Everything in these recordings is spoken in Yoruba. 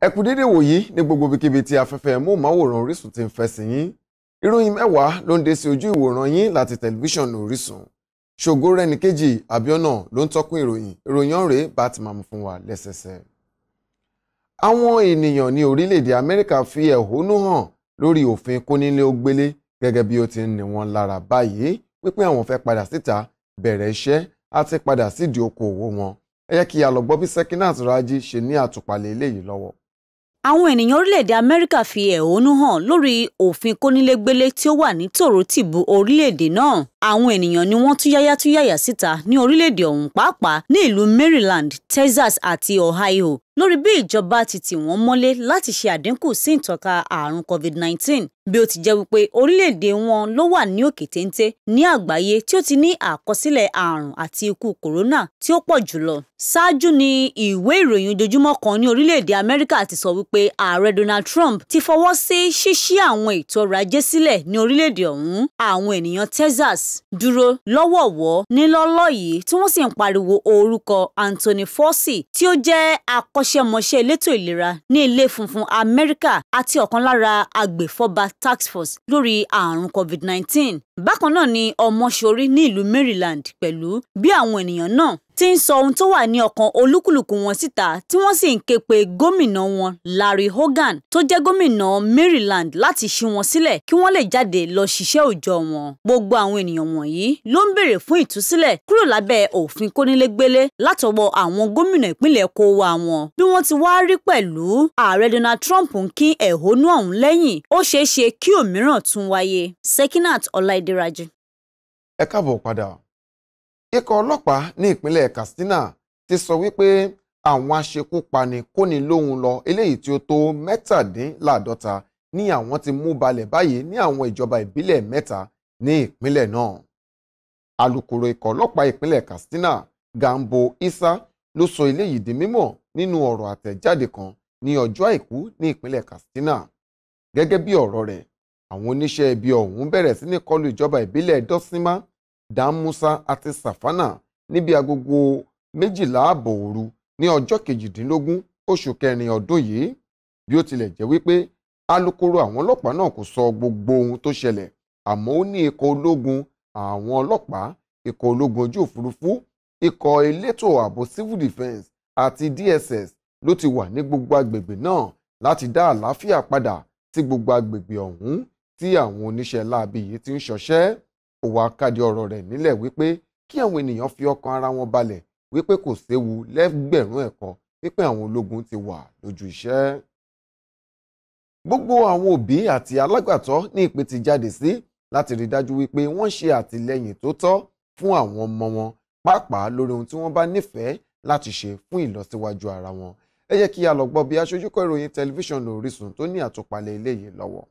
ẹ kú dédé wòyí ní gbogbo ibikíbi tí afẹ́fẹ́ móhùnmáwòrán Orísun ti ń fẹ́ sí yín ìròyìn mẹ́wàá ló ń dé sí ojú ìwòran yín láti tẹlifíṣàn Orísun ṣògo rẹni kejì Àbíọ́nà ló ń tọ́kùn ìròyìn ìròyìn ọ̀rẹ́ bá ti máa mú fún wa lẹ́sẹsẹ. àwọn ènìyàn ní orílẹ̀-èdè Amẹ́ríkà fi ẹ̀hónú hàn lórí òfin kónílé ó gẹ́gẹ́ bí ó ti ń ní wọn lára báyìí wípé àwọn fẹ́ padà síta bẹ̀rẹ̀ iṣẹ́ àti padà sídìí okòòwò wọn ẹ yẹ kí a bí Sekinat Raji ṣe ní àtùpàlẹ̀ eléyìí lọ́wọ́ àwọn ènìyàn orílẹ̀-èdè amẹ́ríkà fi ẹ̀hónú hàn lórí òfin kónílégbélé tí ó wà ní tòró tìbú orílẹ̀-èdè náà àwọn ènìyàn ni wọ́n tún yáyá tún yáyà síta ní orílẹ̀-èdè ọ̀hún pàápàá ní ìlú maryland texas àti ohio lórí bí ìjọba ti tì wọ́n mọ́lé láti ṣe àdínkù sí ìtànká ààrùn COVID-19 bí ó ti jẹ́ wípé orílẹ̀-èdè wọn ló wà ní òkè téńté ní àgbáyé tí ó ti ní àkọsílẹ̀ ààrùn àti ikú kòrónà tí ó pọ̀ jùlọ. ṣáájú ni ìwé ìròyìn ojoojúmọ́ kan ní orílẹ̀-èdè Amẹ́ríkà ti sọ wípé ààrẹ Donald Trump ti fọwọ́ sí ṣíṣí àwọn ètò ọrọ̀ ajé sílẹ̀ ní orílẹ̀-èdè ọ̀hún àwọn ènìyàn Texas dúró lọ́wọ̀ọ̀wọ́ nílọ́lọ́ yìí tí wọ́n sì ń pariwo orúkọ Anthony Fauci tí ó jẹ́ akọ́ṣẹ́mọṣẹ́ elétò ìlera ní ilé funfun Amẹ́ríkà àti ọ̀kan lára agbèfọ́ba task force lórí àrùn COVID-19 Bákan náà ni Ọmọṣorí ní ìlú Maryland pẹ̀lú bí àwọn ènìyàn náà ti ń sọ ohun tó wà ní ọkàn olúkúlùkù wọn síta tí wọ́n sì ń ké pe gómìnà wọn Larry Hogan tó jẹ́ gómìnà Maryland láti ṣí wọn sílẹ̀ kí wọ́n lè jáde lọ ṣiṣẹ́ òòjọ́ wọn. Gbogbo àwọn ènìyàn wọ̀nyí ló ń béèrè fún ìtúsílẹ̀ kúrò lábẹ́ òfin kónílégbélé látọwọ́ àwọn gómìnà ìpínlẹ̀ kó wa wọn. Bí wọ́n ti wá rí pẹ̀lú ààrẹ Donald Trump ń kín ẹ̀hónú ọ̀hún lẹ́yìn ó ṣeé ṣe kí òmíràn tún wáyé. Sekinat Ọláìd Adérají. ẹ káàbọ̀ padà ikọ̀ ọlọ́pàá ní ìpínlẹ̀ Katsina ti sọ wípé àwọn aṣekúpani kóni lóhùn lọ eléyìí tí ó tó mẹ́tàdínláàdọ́ta ní àwọn ti mú balẹ̀ báyìí ní àwọn ìjọba ìbílẹ̀ mẹ́ta ní ìpínlẹ̀ náà alukoro ikọ̀ ọlọ́pàá ìpínlẹ̀ Katsina Gambo Isa ló sọ eléyìí di mímọ̀ nínú ọ̀rọ̀ àtẹ̀jáde kan ní ọjọ́ àìkú ní ìpínlẹ̀ Katsina gẹ́gẹ́ bí ọ̀rọ̀ rẹ̀ àwọn oníṣẹ́ ibi ọ̀hún bẹ̀rẹ̀ sí ní kọlù ìjọba ìbílẹ̀ dọ́símá dàmúsá àti sàfánà níbi agogo méjìlá ààbọ̀ òru ní ọjọ́ kejìdínlógún oṣù kẹrin ọdún yìí bí ó tilẹ̀ jẹ́ wípé alukoro àwọn ọlọ́pàá náà kò sọ gbogbo ohun tó ṣẹlẹ̀ àmọ́ ó ní ikọ̀ ológun àwọn ọlọ́pàá ikọ̀ ológun ojú òfurufú ikọ̀ elétò ààbò civil defence àti DSS ló ti wà ní gbogbo agbègbè náà láti dá àlàáfíà padà sí gbogbo agbègbè ọ̀hún tí àwọn oníṣẹ́ láabi yìí ti ń ṣọṣẹ́ ó wá kádìí ọ̀rọ̀ rẹ̀ nílẹ̀ wípé kí àwọn ènìyàn fi ọkàn ara wọn balẹ̀ wípé kò séwu lẹ́gbẹ̀rún ẹ̀kọ́ wípé àwọn ológun ti wà lójú iṣẹ́. gbogbo àwọn òbí àti alágbàtọ́ ní ìpè ti jáde sí láti rí dájú wípé wọ́n ṣe àtìlẹ́yìn tó tọ́ fún àwọn ọmọ wọn pàápàá lórí ohun tí wọ́n bá nífẹ̀ẹ́ láti ṣe fún ìlọsíwájú ara wọn. ẹ jẹ́ kí a lọ gbọ́ bí aṣojúkọ̀ ìròyìn tẹlifíṣàn Orísun tó ní àtúpalẹ̀ eléyìí lọ́wọ́.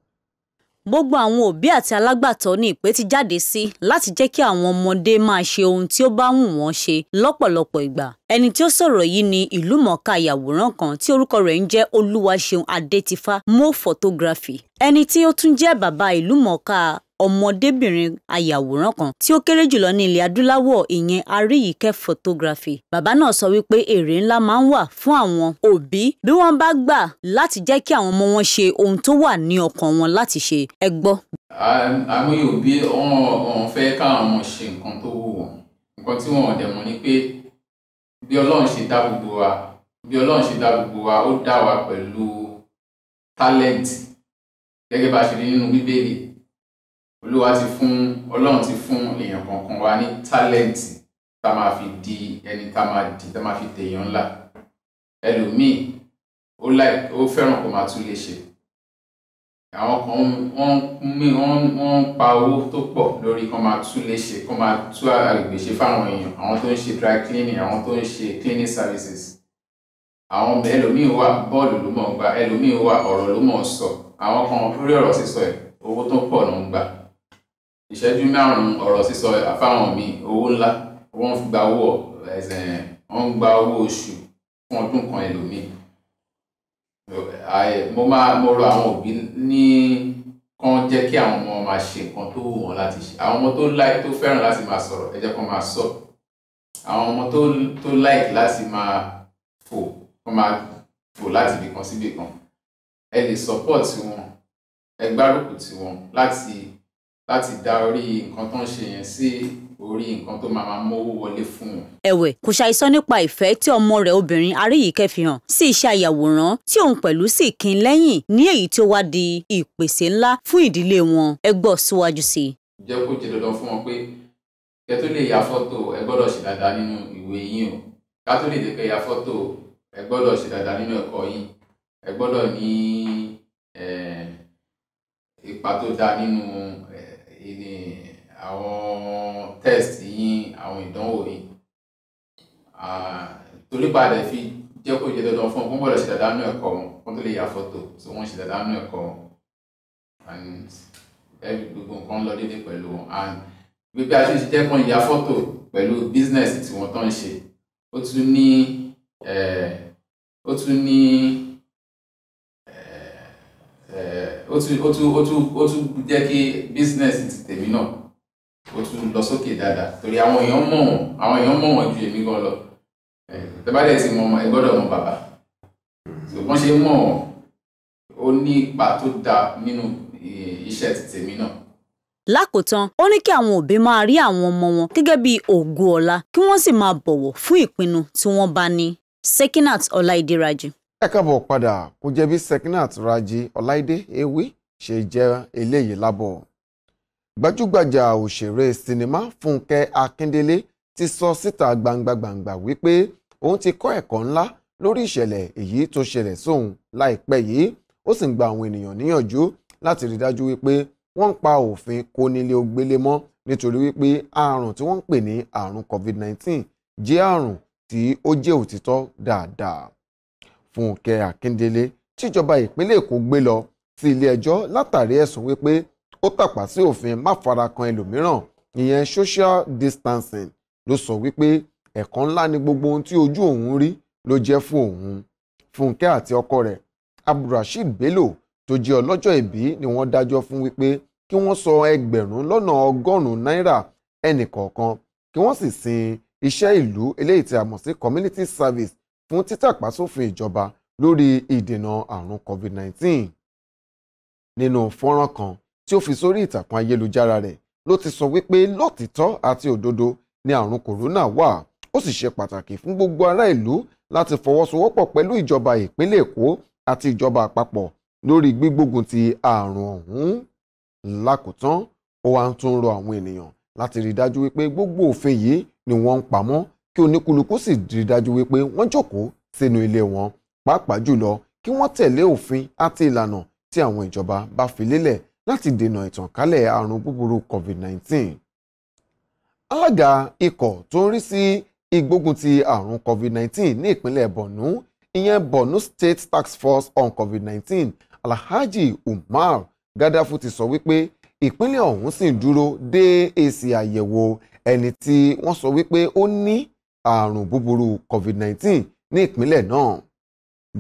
Gbogbo àwọn òbí àti alágbàtọ́ ní ìpè ti jáde sí láti jẹ́ kí àwọn ọmọdé máa ṣe ohun tí ó bá wù wọ́n ṣe lọ́pọ̀lọpọ̀ ìgbà. Ẹni tí ó sọ̀rọ̀ yìí ni ìlúmọ̀ọ́ká ayàwòrán kan tí orúkọ rẹ̀ ń jẹ́ Olúwaṣeun Adétifá Mo Photography. Ẹni tí ó tún jẹ́ bàbá ìlúmọ̀ọ́ká ọmọdébìnrin ayàwòrán kan tí ó kéré jùlọ ní ilẹ̀ adúláwọ̀ ìyẹn Aríyìíkẹ́ photography. Bàbá náà sọ wípé èrè ńlá máa ń wà fún àwọn òbí bí wọ́n bá gbà láti jẹ́ kí àwọn ọmọ wọn ṣe ohun tó wà ní ọkàn wọn láti ṣe ẹ gbọ́. àmì òbí ọ̀hún fẹ́ káwọn ọmọ ṣe nǹkan tó wù wọ́n nǹkan tí wọ́n dẹ̀ mọ̀ ni pé bí Ọlọ́run ṣe dá gbogbo wa bí Ọlọ́run ṣe dá gbogbo wa ó dá wa pẹ̀lú talent gẹ́gẹ́ bá a ṣe rí nínú Bíbélì olúwa ti fún ọlọ́run ti fún èèyàn kọ̀ọ̀kan wa ní tálẹ́ǹtì tá máa fi di ẹni tá máa di tá máa fi tèèyàn ńlá ẹlòmíì ó láì ó fẹ́ràn kó máa tún lè ṣe àwọn kan wọ́n ń pa owó tó pọ̀ lórí kó máa tún lè ṣe kó máa tún àgbègbè ṣe fáwọn èèyàn àwọn tó ń ṣe dry cleaning àwọn tó ń ṣe cleaning services àwọn ẹlòmíì wà bọ́ọ̀lù ló mọ̀ ń gbà ẹlòmíì wà ọ̀rọ̀ ló mọ̀ ń sọ àwọn kan lórí ọ̀rọ̀ sísọ ẹ̀ owó tó pọ̀ ló ń gbà ìṣẹ́jú márùn-ún ọ̀rọ̀ sísọ àfáwọn míì owó ńlá wọ́n ń gba owó wọ́n ń gba owó oṣù fún ọdún kan ẹlòmíì mo máa mo rọ àwọn òbí ní kán jẹ́ kí àwọn ọmọ máa ṣe nǹkan tó wù wọ́n láti ṣe àwọn ọmọ tó láì tó fẹ́ràn láti máa sọ̀rọ̀ ẹ jẹ́ kán máa sọ àwọn ọmọ tó tó láì láti máa fò kán máa fò láti ibìkan síbìkan ẹ lè support wọn ẹ gbárùkù tí wọn láti láti dá orí nǹkan tó ń ṣe yẹn sí orí nǹkan tó máa máa mówó wọlé fún un. ẹ̀wẹ̀ kò ṣàìsọ nípa ìfẹ́ tí ọmọ rẹ̀ obìnrin Aríyìíkẹ́ fi hàn sí iṣẹ́ àyàwòrán tí òun pẹ̀lú sì kín lẹ́yìn ní èyí tó wá di ìpèsè ńlá fún ìdílé wọn ẹ gbọ́ síwájú sí i. jẹ́ kó jẹ́ dandan fún wọn pé kẹ́ tó lè ya fọ́tò ẹ gbọ́dọ̀ ṣe dáadáa nínú ìwé yín o ká tó lè dẹ́kẹ́ ya fọ́tò ẹ gbọ́dọ̀ ṣe dáadáa nínú ẹ̀kọ́ yín ẹ gbọ́dọ̀ ní ipa tó dáa nínú ìní àwọn test yín àwọn ìdánwò yín torí padà fi jẹ́ kó jẹ́ dandan fún wọn gbọ́dọ̀ ṣe dáadáa nú ẹ̀kọ́ wọn wọ́n tó lè yà fọ́tò so wọ́n ṣe dáadáa nú ẹ̀kọ́ wọn and gbogbo nǹkan lọ déédéé pẹ̀lú wọn and gbogbo àti ìṣiṣẹ́ kan ya fọ́tò pẹ̀lú business tí wọ́n tán ń ṣe ó tún ní ó tún ní ó tún ó tún ó tún ó tún jẹ́ kí business ti tèmi náà ó tún lọ sókè dáadáa torí àwọn èèyàn mọ̀ wọ́n àwọn èèyàn mọ̀ wọ́n ju èmi gan lọ tẹ bá dẹ̀ ti mọ ẹ gbọ́dọ̀ mọ bàbá wọ́n ṣe mọ̀ ó ní ipa tó dáa nínú iṣẹ́ ti tèmi náà lákòótán ó ní kí àwọn òbí máa rí àwọn ọmọ wọn gẹ́gẹ́ bí ògo ọ̀la kí wọ́n sì máa bọ̀wọ̀ fún ìpinnu tí wọ́n bá ní Sekinat Ọláìdíraji ẹ káàbọ̀ padà kò jẹ́ bí Sekinat Raji Ọláìdé Ewé ṣe jẹ́ eléyìí lábọ̀. gbajúgbajà òṣèré sinimá Fúnkẹ́ Akíndélé ti sọ síta gbangbangba wípé òun ti kọ́ ẹ̀kọ́ ńlá lórí ìṣẹ̀lẹ̀ èyí tó ṣẹlẹ̀ sóun láìpẹ́ yìí ó sì ń gba àwọn ènìyàn níyànjú láti rí dájú wípé wọ́n ń pa òfin kónílé ogbélé mọ́ nítorí wípé àrùn tí wọ́n ń pè ní àrùn COVID-19 jẹ́ àrùn tí ó jẹ́ òtítọ́ dáadáa fúnkẹ́ akíndélé tíjọba ìpínlẹ̀ èkó gbé lọ sí ilé ẹjọ́ látàrí ẹ̀sùn wípé ó tàpá sí òfin má fara kan ẹlòmíràn ìyẹn social distancing ló sọ wípé ẹ̀kọ́ ńlá ni gbogbo ohun tí ojú òun rí ló jẹ́ fún òun fúnkẹ́ àti ọkọ rẹ̀ abdulrasheed bello tó jẹ́ ọlọ́jọ́ ìbí ni wọ́n dájọ́ fún wípé kí wọ́n sọ ẹgbẹ̀rún lọ́nà ọgọ́rùn-ún náírà ẹnì kọ̀ọ̀kan kí wọ́n sì sin iṣẹ́ ìlú eléyìí tí a mọ̀ sí community service fún títàpá sófin ìjọba lórí ìdènà àrùn COVID-19 nínú fọ́nrán kan tí ó fi sórí ìtàkùn ayélujára rẹ̀ ló ti sọ wípé lọ́tìtọ́ àti òdodo ni àrùn kòrónà wà ó sì ṣe pàtàkì fún gbogbo ará ìlú láti fọwọ́sowọ́pọ̀ pẹ̀lú ìjọba ìpínlẹ̀ Èkó àti ìjọba àpapọ̀ lórí gbígbógun ti àrùn ọ̀hún lákòótán ó wá ń tún rọ àwọn ènìyàn láti rí i dájú wípé gbogbo òfin yìí ni wọ́n ń pamọ́ kí oníkúlùkù sì rí dájú wípé wọ́n jókòó sínú ilé wọn pàápàá jùlọ kí wọ́n tẹ̀lé òfin àti ìlànà tí àwọn ìjọba bá fi lélẹ̀ láti dènà ìtànkálẹ̀ àrùn búburú COVID-19. alága ikọ̀ tó ń rí sí ìgbógun àrùn COVID-19 ní ìpínlẹ̀ Borno ìyẹn Borno State tax Force on COVID-19 Alhaji Umar Gadafu ti sọ wípé ìpínlẹ̀ ọ̀hún sì ń dúró de èsì àyẹ̀wò ẹni tí wọ́n sọ wípé ó ní àrùn búburú COVID-19 ní ìpínlẹ̀ náà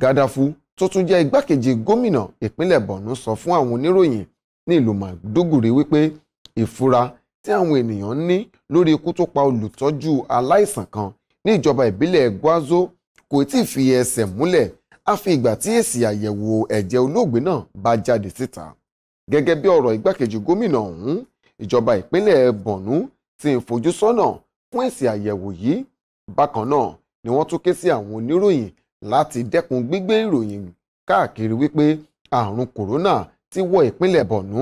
Gàdáfù tó tún jẹ́ igbákejì gómìnà ìpínlẹ̀ Borno sọ fún àwọn oníròyìn ní ìlú Maiduguri wípé ìfura tí àwọn ènìyàn ń ní lórí ikú tó pa olùtọ́jú aláìsàn kan ní ìjọba ìbílẹ̀ Gwazo kò tí ì fi ẹsẹ̀ múlẹ̀ àfi ìgbà tí èsì àyẹ̀wò ẹ̀jẹ̀ olóògbé náà bá jáde síta gẹ́gẹ́ bí ọ̀rọ̀ igbákejì gómìnà ọ̀hún ìjọba ìpínlẹ̀ Borno ti ń fojú sọ́nà fún èsì àyẹ̀wò yìí bákan náà ni wọ́n tún ké sí àwọn oníròyìn láti dẹ́kun gbígbé ìròyìn káàkiri wípé àrùn kòrónà ti wọ ìpínlẹ̀ bọ̀nú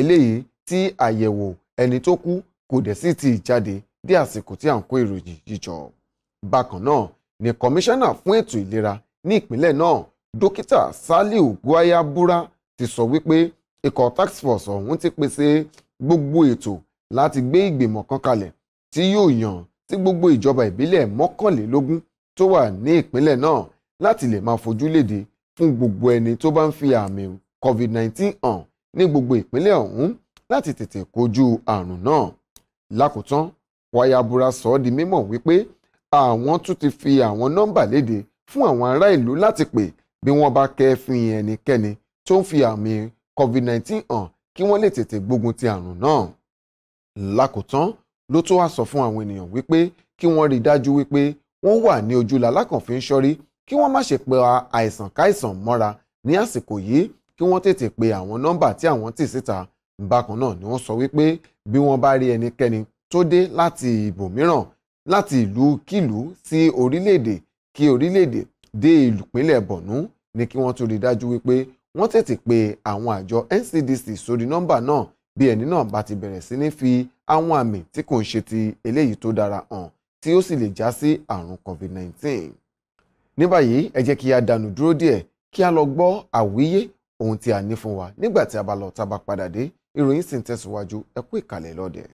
eléyìí tí àyẹ̀wò ẹni tó kú kò dẹ̀ sí ti jáde dé àsìkò tí à ń kó ìròyìn yìí bákan náà ni kọmíṣánná fún ètò ìlera ní ìpínlẹ̀ náà dókítà Saliu Gwayabura ti sọ wípé ikọ̀ tax force ọ̀hún ti pèsè gbogbo ètò láti gbé ìgbìmọ̀ kan kalẹ̀ tí yóò yàn sí gbogbo ìjọba ìbílẹ̀ mọ́kànlélógún tó wà ní ìpínlẹ̀ náà láti lè máa fojú léde fún gbogbo ẹni tó bá ń fi àmì COVID-19 hàn ní gbogbo ìpínlẹ̀ ọ̀hún láti tètè kojú àrùn náà lákòótán wayabura sọ ọ́ di mímọ̀ wípé àwọn tún ti fi àwọn nọ́mbà léde fún àwọn ará ìlú láti pè bí wọ́n bá kẹ́fìn ẹnikẹ́ni tó ń fi àmì COVID-19 hàn kí wọ́n lè tètè gbógun ti àrùn náà lákòótán ló tó wá sọ fún àwọn ènìyàn wípé kí wọ́n rí i dájú wípé wọ́n wà ní ojúlà lákànfin ṣọ́rí kí wọ́n má ṣe pe àìsàn káìsàn mọ́ra ní àsìkò yìí kí wọ́n tètè pe àwọn nọ́mbà tí àwọn tì síta bákan náà ni wọ́n sọ wípé bí wọ́n bá rí ẹnikẹ́ni tó dé láti ibòmíràn láti ìlú kìlú sí orílẹ̀-èdè kí orílẹ̀-èdè dé ìpínlẹ̀ bọ̀nú ni kí wọ́n tún rí dájú wípé wọ́n tètè pe àwọn àjọ NCDC sórí nọ́mbà náà bí ẹni náà bá ti bẹ̀rẹ̀ sí ní fi àwọn àmì tí kò ń ṣe ti eléyìí tó dára hàn tí ó sì lè já sí àrùn COVID-19. ní báyìí ẹ jẹ́ kí a dànù dúró díẹ̀ kí a lọ gbọ́ àwíyé ohun tí a ní fún wa nígbà tí a bá lọ tá a bá padà dé ìròyìn sì ń tẹ̀síwájú ẹ kú ìkàlẹ̀ lọ́dẹ̀.